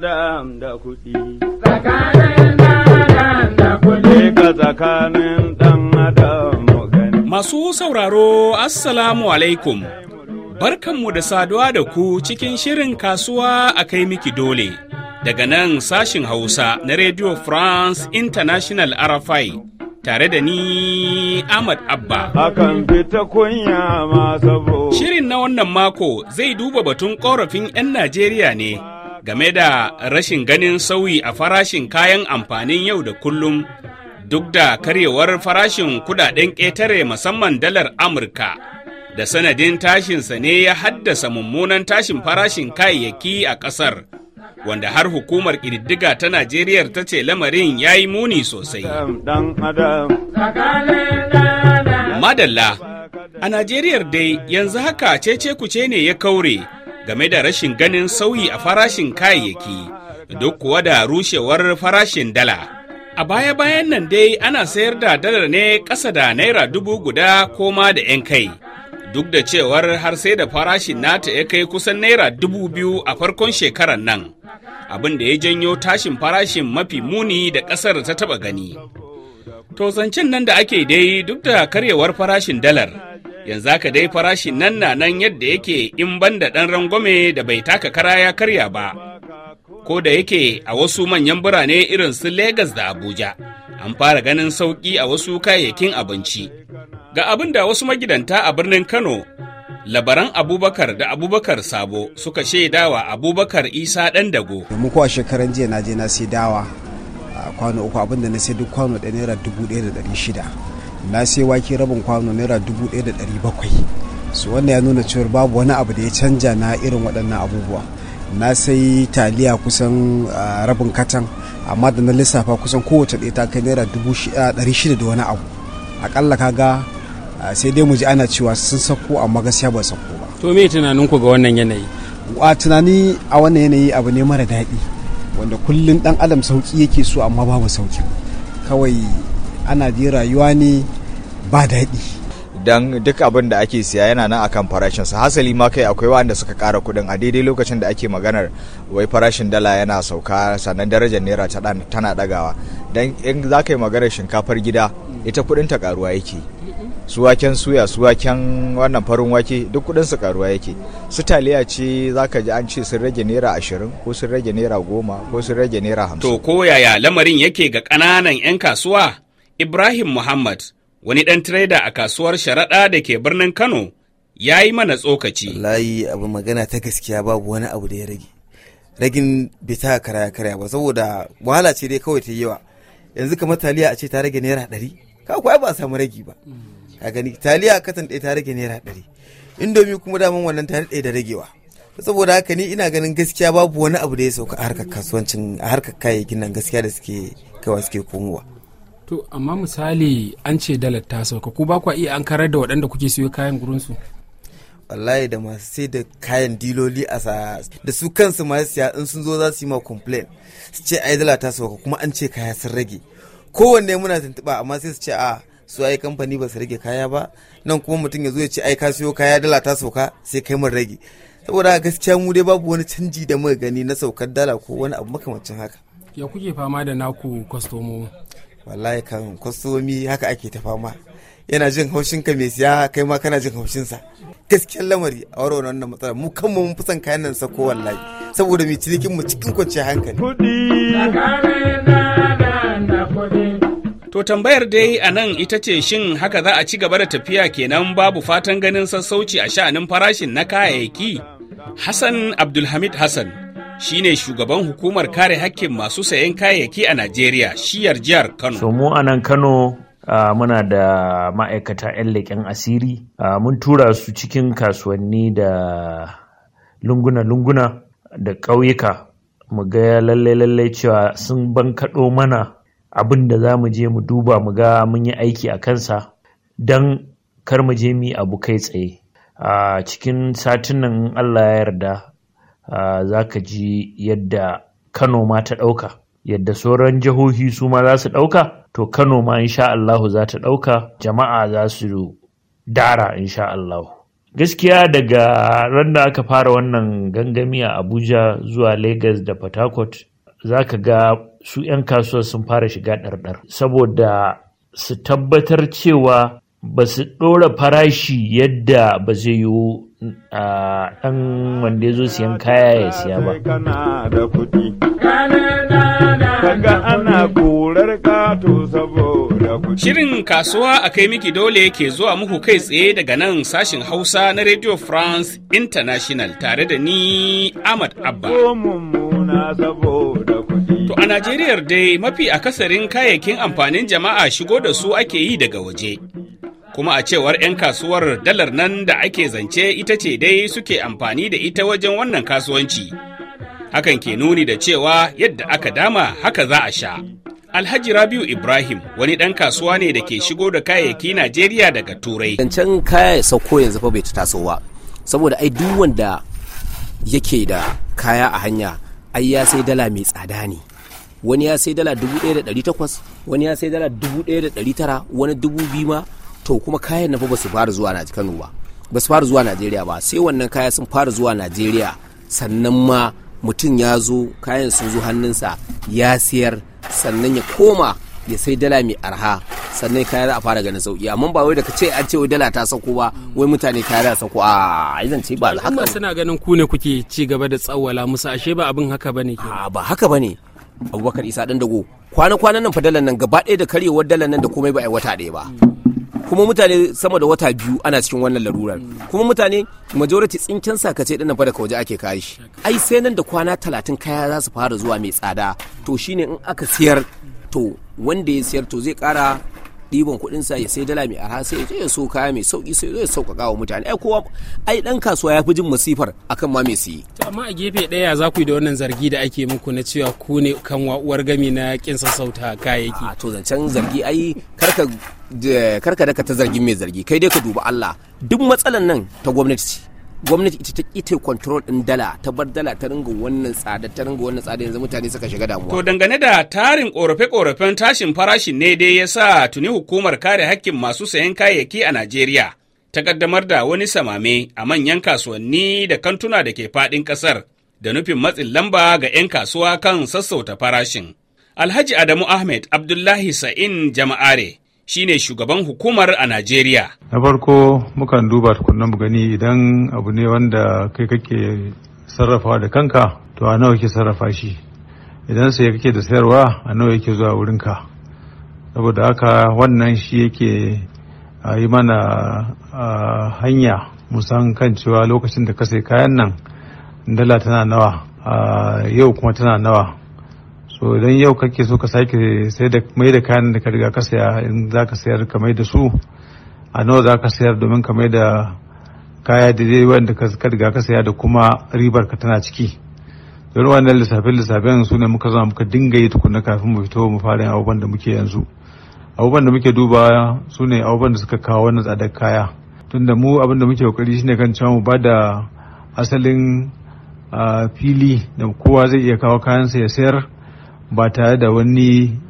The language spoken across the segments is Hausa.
Dam Masu sauraro, Assalamu alaikum. Barkanmu da saduwa da ku cikin shirin kasuwa a kai miki dole. Daga nan sashin Hausa na Radio France International RFI. tare da ni Ahmad Abba. Shirin na wannan mako zai duba batun ƙorafin 'yan Najeriya ne game da rashin ganin sauyi a farashin kayan amfanin yau da kullum duk da karyewar farashin kudaden ƙetare musamman dalar Amurka da sanadin tashinsa ne ya haddasa mummunan tashin farashin kayayyaki a ƙasar. wanda har hukumar ƙididdiga ta Najeriya ta ce lamarin ya yi muni sosai. Madalla, a Najeriya dai yanzu haka cece kuce ne ya kaure game da rashin ganin sauyi a farashin kayayyaki duk kuwa da rushewar farashin dala. A baya-bayan nan dai ana sayar da dalar ne ƙasa da naira dubu guda koma da 'yan kai. Duk da cewar har sai da farashin nata ya kai kusan naira dubu biyu a farkon shekarar nan, abin da ya janyo tashin farashin mafi muni da ƙasar ta taɓa gani. To zancen nan da ake dai duk da karyewar farashin dalar. yanzu haka dai farashi nan na nan yadda yake in ban da ɗan rangwame da bai taka kara ya karya ba ko da yake a wasu manyan birane irin su Legas da Abuja an fara ganin sauƙi a wasu kayayyakin abinci ga abin da wasu magidanta a birnin Kano labaran abubakar da abubakar sabo suka shaidawa abubakar isa ɗan dago mu kuwa shekaran jiya na je na sai dawa kwano uku abinda na sai duk kwano ɗaya naira dubu ɗaya da ɗari shida na sai wake rabin kwano naira dubu ɗaya da ɗari bakwai su wannan ya nuna cewar babu wani abu da ya canja na irin waɗannan abubuwa na sai taliya kusan rabin katan amma da na lissafa kusan kowace ɗaya ta kai naira dubu ɗari shida da wani abu akalla ga sai dai mu ji ana cewa sun sako amma gaskiya ba sako ba to me tunanin ku ga wannan yanayi a tunani a wannan yanayi abu ne mara daɗi wanda kullum ɗan adam sauki yake so amma babu sauki kawai ana je rayuwa ne ba daɗi don duk abin da ake siya yana nan akan farashin sa hasali ma kai akwai wanda suka kara kuɗin a daidai lokacin da ake maganar wai farashin dala yana sauka sannan darajar naira tana ɗagawa don in za ka yi maganar shinkafar gida ita kuɗin ta karuwa yake su waken suya su waken wannan farin wake duk kuɗin su karuwa yake su taliya ce za ka ji an ce sun rage naira ashirin ko sun rage naira goma ko sun rage naira hamsin. to ko yaya lamarin yake ga ƙananan 'yan kasuwa ibrahim muhammad wani ɗan tireda a kasuwar sharaɗa da ke birnin Kano ya yi mana tsokaci. Wallahi abu magana ta gaskiya babu wani abu da ya rage. Ragin bai ta karaya karaya ba saboda wahala ce dai kawai ta yi yawa. Yanzu kamar taliya a ce ta rage naira ɗari. Ka kuwa ba a samu ragi ba. Ka gani taliya katan ɗaya ta rage naira ɗari. Indomi kuma daman wannan ta ɗaya da ragewa. saboda haka ni ina ganin gaskiya babu wani abu da ya sauka a harkar kasuwancin a harkar kayayyakin nan gaskiya da suke kawai suke komowa. to amma misali an ce dalar ta sauka ku ba kwa iya an karar da waɗanda kuke siyo kayan gurinsu wallahi da masu sai da kayan diloli a sa da su kansu masu siya in sun zo za su yi ma complain su ce ai dala ta sauka kuma an ce kaya sun rage kowanne muna tuntuɓa amma sai su ce a ah, su ai kamfani ba su rage kaya ba nan kuma mutum ya zo ya ce ai ka siyo kaya dala ta sauka sai kai mun rage saboda gaskiya mu dai babu wani canji da muka gani na saukar dala ko wani abu makamancin haka ya kuke fama da naku kwastomo wallahi kan kwastomi haka ake ta fama yana jin haushin ka mai siya kai ma kana jin haushin sa gaskiyar lamari a warware wannan matsala mu kanmu mun fusan kayan nan sa ko wallahi saboda mai cinikin mu cikin kwanciyar hankali To tambayar dai a nan ita ce shin haka za a ci gaba da tafiya kenan babu fatan ganin sassauci a sha'anin farashin na kayayyaki? Hassan Abdulhamid Hassan shine shugaban hukumar kare hakkin masu sayan kayayyaki a Najeriya shiyar jihar Kano. So mu a nan Kano Uh, muna da ma'aikata 'yan leƙen asiri uh, mun tura su cikin kasuwanni da lunguna-lunguna da ƙauyuka mu ga lallai lalle cewa sun bankaɗo mana abin da za mu je mu duba mu ga mun yi aiki a kansa don kar mu je mu abu kai tsaye a cikin satin nan allah ya yarda Ah, za ka ji yadda kano ma ta ɗauka yadda sauran jihohi su ma za su ɗauka to kano ma insha Allahu za ta ɗauka jama'a za su dara insha Allahu gaskiya daga ran da aka fara wannan gangami a abuja zuwa lagos da port harcourt za ka ga su 'yan kasuwa sun fara shiga ɗarɗar saboda su tabbatar cewa ba su ɗora farashi yadda ba zai yiwu ɗan wanda ya zo siyan kaya ya siya ba. Shirin kasuwa a kai miki dole ke zuwa muku kai tsaye daga nan sashin Hausa na Radio France International tare da ni Ahmad Abba. To a Najeriya dai mafi akasarin kayayyakin amfanin jama'a shigo da su ake yi daga waje. kuma a cewar 'yan kasuwar dalar nan da ake zance ita ce dai suke amfani da ita wajen wannan kasuwanci hakan ke nuni da cewa yadda aka dama haka za a sha Alhaji Rabiu Ibrahim wani ɗan kasuwa ne da ke shigo da kayayyaki Najeriya daga Turai. Zancen kaya ya sauko yanzu fa bai ta taso saboda ai duk wanda yake da kaya a hanya ai ya sai dala mai tsada ne. Wani ya sai dala dubu ɗaya da ɗari takwas, wani ya sai dala dubu ɗaya da ɗari tara, wani dubu biyu ma, to kuma kayan na fa ba su fara zuwa na Kano ba ba su fara zuwa Najeriya ba sai wannan kaya sun fara zuwa Najeriya sannan ma mutum ya zo kayan sun zo hannunsa ya siyar sannan ya koma ya sai dala mai arha sannan kaya za a fara ganin sauki amma ba wai da ka ce an ce wai dala ta sauko ba wai mutane kaya za a sauko a idan ce ba haka ba suna ganin ku ne kuke ci gaba da tsawala musu ashe ba abin haka bane ke ba haka bane Abubakar Isa dan dago kwana kwana nan fa dalan nan gaba ɗaya da karyewar dalan nan da komai ba yi wata ɗaya ba kuma mutane sama da wata biyu ana cikin wannan larurar kuma mutane majority tsinken sa kace nan fa waje ake kai shi ai sai nan da kwana talatin kaya za su fara zuwa mai tsada to shine in aka siyar to wanda ya siyar to zai kara ɗiban kuɗin sa ya sai dala mai arha sai ya ya so kaya mai sauki sai ya sauƙaƙa wa mutane ai kowa ai ɗan kasuwa ya fi jin masifar akan ma mai siye. to amma a gefe ɗaya za ku yi da wannan zargi da ake muku na cewa ku ne kan uwar gami na kin sassauta kayayyaki. a to zancen zargi ai karka karka daka ta zargin mai zargi kai dai ka duba Allah duk matsalan nan ta gwamnati ce gwamnati ita ta ita control din dala ta bar dala ta ringa wannan tsada ta ringa wannan tsada yanzu mutane suka shiga damuwa to dangane da tarin korafe-korafen tashin farashin ne dai ya sa tuni hukumar kare hakkin masu sayan kayayyaki a Najeriya ta kaddamar da wani samame a manyan kasuwanni da kantuna da ke fadin kasar da nufin matsin lamba ga 'yan kasuwa kan sassauta farashin. Alhaji Adamu Ahmed Abdullahi Sa'in Jama'are shine shugaban hukumar a Najeriya. Na farko mukan duba tukunan mu gani idan abu ne wanda kai kake sarrafawa da kanka to a nawa ke sarrafa shi idan sai kake da sayarwa a nawa yake zuwa wurin ka? saboda haka wannan shi yake yi mana hanya musan kan cewa lokacin da ka sai kayan nan dala tana nawa yau kuma tana nawa so idan yau kake so ka sake sai da mai da kayan da ka riga ka saya in za ka sayar ka mai da su a nawa za ka sayar domin ka mai da kaya da dai wanda ka riga ka saya da kuma ribar ka tana ciki don wannan lissafin lissafin su ne muka zama muka dinga yi tukuna kafin mu fito mu fara yin abubuwan da muke yanzu abubuwan da muke duba su ne abubuwan da suka kawo wannan tsadar kaya tunda mu abin da muke kokari shine kan cewa mu bada asalin ah, fili da kowa zai iya kawo kayansa ya sayar ba tare da wani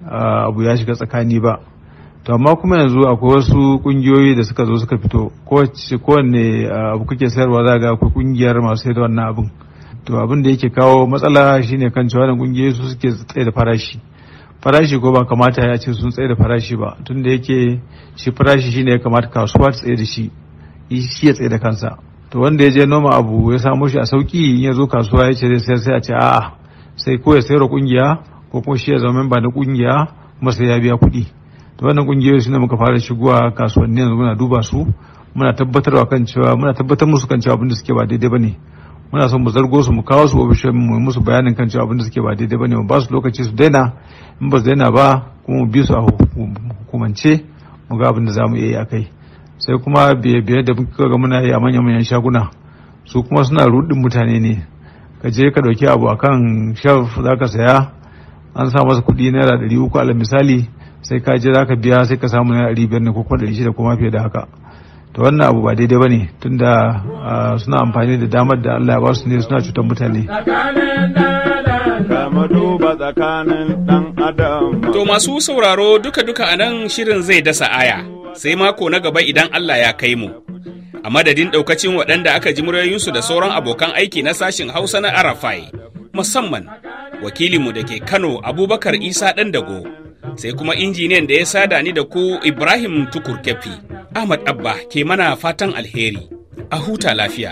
abu ya shiga tsakani ba to amma kuma yanzu akwai wasu kungiyoyi da suka zo suka fito kowanne abu kake sayarwa za ga akwai kungiyar masu sayar da wannan abin to abin da yake kawo matsala shine kan cewa wannan kungiyoyi su suke tsaye da farashi farashi ko ba kamata ya ce sun tsaye da farashi ba tunda yake shi farashi shine ya kamata kasuwa ta tsaye da shi shi ya tsaye da kansa to wanda ya je noma abu ya samo shi a sauki in ya zo kasuwa ya ce zai sai a ce a'a sai ko ya sayar kungiya ko kuma shi ya zama memba na kungiya masa ya biya kuɗi to wannan kungiyoyi suna muka fara shigowa kasuwanni yanzu muna duba su muna tabbatarwa kan cewa muna tabbatar musu kan cewa abin suke ba daidai bane muna son mu zargo su mu kawo su ofishin mu musu bayanin kan cewa abin da suke ba daidai bane mu ba su lokaci su daina in ba su daina ba kuma mu bi su a hukumance mu ga abin za mu iya yi a kai sai kuma biye-biye da muka ga muna yi a manya-manyan shaguna su kuma suna rudin mutane ne ka je ka ɗauki abu akan shelf za ka saya an sa masa kuɗi naira ɗari uku alal misali sai ka je zaka biya sai ka samu naira ɗari biyar ne ko kuma ɗari shida kuma fiye da haka to wannan abu ba daidai ba ne tunda suna amfani da damar da Allah ya ba su ne suna cutar mutane. To masu sauraro duka-duka a nan shirin zai dasa aya sai mako na gaba idan Allah ya kai mu. A madadin ɗaukacin waɗanda aka ji muryoyinsu da sauran abokan aiki na sashin Hausa na Arafai, musamman wakilinmu da ke Kano Abubakar Isa ɗan dago, sai kuma injiniyan da ya sada ni da ku Ibrahim Tukur Kefi, Ahmad Abba ke mana fatan alheri, a huta lafiya.